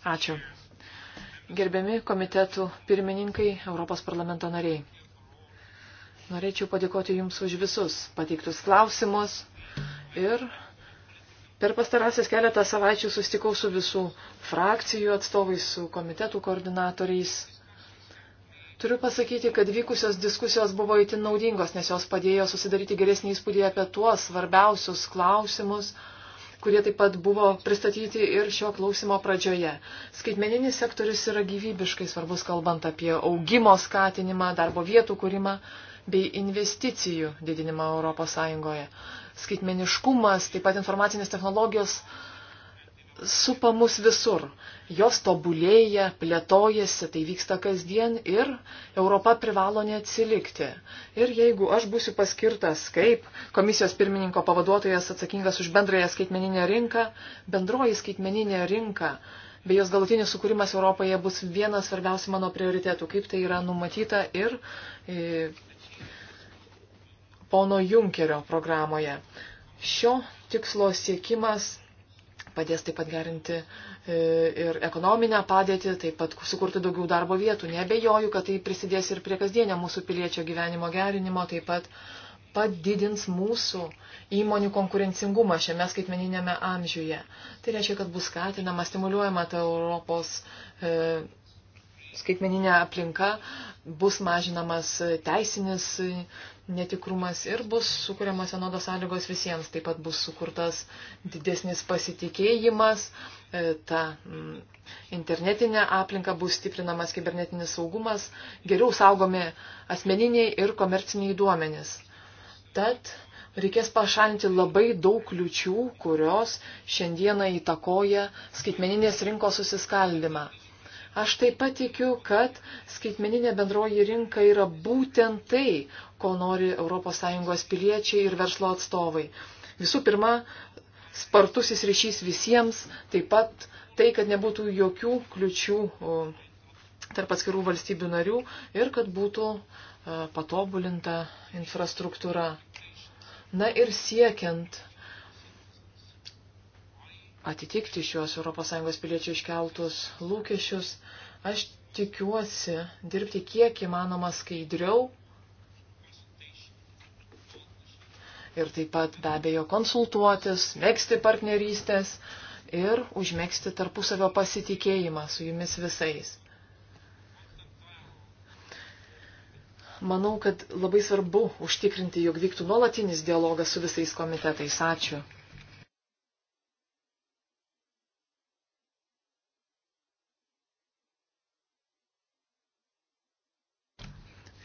Ačiū. Gerbiami komitetų pirmininkai, Europos parlamento nariai. Norėčiau padėkoti Jums už visus pateiktus klausimus ir per pastarąsias keletą savaičių sustikau su visų frakcijų atstovais, su komitetų koordinatoriais. Turiu pasakyti, kad vykusios diskusijos buvo itin naudingos, nes jos padėjo susidaryti geresnį įspūdį apie tuos svarbiausius klausimus, kurie taip pat buvo pristatyti ir šio klausimo pradžioje. Skaitmeninis sektorius yra gyvybiškai svarbus, kalbant apie augimo skatinimą, darbo vietų kūrimą bei investicijų didinimą ES. Skaitmeniškumas, taip pat informacinės technologijos supa mus visur. Jos tobulėja, plėtojasi, tai vyksta kasdien ir Europa privalo neatsilikti. Ir jeigu aš būsiu paskirtas kaip komisijos pirmininko pavaduotojas atsakingas už bendrąją skaitmeninę rinką, bendroji skaitmeninė rinka bei jos galutinis sukūrimas Europoje bus vienas svarbiausių mano prioritetų, kaip tai yra numatyta ir e, pono Junkerio programoje. Šio tikslo siekimas padės taip pat gerinti e, ir ekonominę padėtį, taip pat sukurti daugiau darbo vietų. Nebejoju, kad tai prisidės ir prie kasdienio mūsų piliečio gyvenimo gerinimo, taip pat padidins mūsų įmonių konkurencingumą šiame skaitmeninėme amžiuje. Tai reiškia, kad bus skatinama, stimuliuojama ta Europos e, skaitmeninė aplinka, bus mažinamas teisinis netikrumas ir bus sukūriamas vienodos sąlygos visiems. Taip pat bus sukurtas didesnis pasitikėjimas, e, ta mm, internetinė aplinka bus stiprinamas kibernetinis saugumas, geriau saugomi asmeniniai ir komerciniai duomenys. Tad reikės pašalinti labai daug kliučių, kurios šiandieną įtakoja skaitmeninės rinkos susiskaldimą. Aš taip pat tikiu, kad skaitmeninė bendroji rinka yra būtent tai, ko nori ES piliečiai ir verslo atstovai. Visų pirma, spartusis ryšys visiems, taip pat tai, kad nebūtų jokių kliučių tarp atskirų valstybių narių ir kad būtų e, patobulinta infrastruktūra. Na ir siekiant atitikti šiuos ES piliečių iškeltus lūkesčius. Aš tikiuosi dirbti kiek įmanoma skaidriau ir taip pat be abejo konsultuotis, mėgsti partnerystės ir užmėgsti tarpusavio pasitikėjimą su jumis visais. Manau, kad labai svarbu užtikrinti, jog vyktų nuolatinis dialogas su visais komitetais. Ačiū.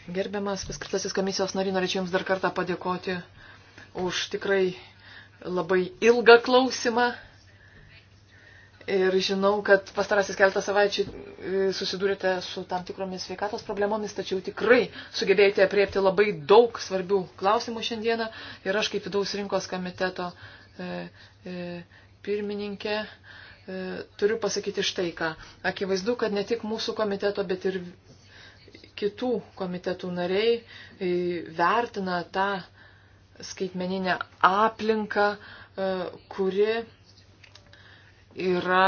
Gerbiamas paskirtasis komisijos nariai, norėčiau Jums dar kartą padėkoti už tikrai labai ilgą klausimą. Ir žinau, kad pastarasis keletą savaičių e, susidūrėte su tam tikromis sveikatos problemomis, tačiau tikrai sugebėjote apriepti labai daug svarbių klausimų šiandieną. Ir aš kaip vidaus rinkos komiteto e, e, pirmininkė e, turiu pasakyti štai ką. Akivaizdu, kad ne tik mūsų komiteto, bet ir kitų komitetų nariai e, vertina tą skaitmeninę aplinką, e, kuri yra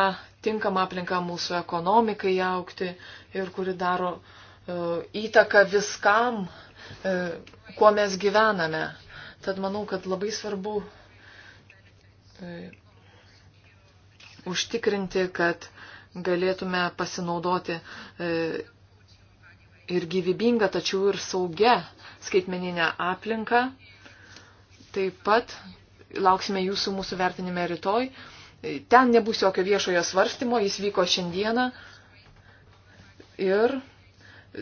tinkama aplinka mūsų ekonomikai aukti ir kuri daro e, įtaką viskam, kuo mes gyvename. Tad manau, kad labai svarbu užtikrinti, kad galėtume pasinaudoti ir gyvybingą, tačiau ir saugę skaitmeninę aplinką. Taip pat lauksime jūsų mūsų vertinime rytoj. Ten nebus jokio viešojo svarstymo, jis vyko šiandieną. Ir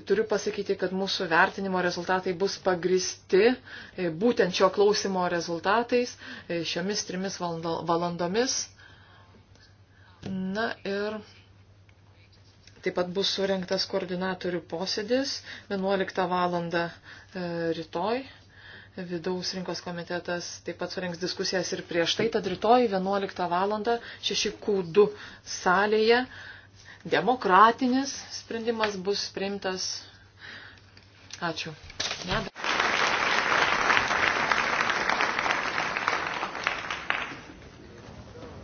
turiu pasakyti, kad mūsų vertinimo rezultatai bus pagristi e, būtent šio klausimo rezultatais e, šiomis trimis valandomis. Na ir Taip pat bus surinktas koordinatorių posėdis 11 val. E, rytoj. Vidaus rinkos komitetas taip pat surinks diskusijas ir prieš tai, tad rytoj 11 val. 6Q2 salėje demokratinis sprendimas bus priimtas. Ačiū. Ne,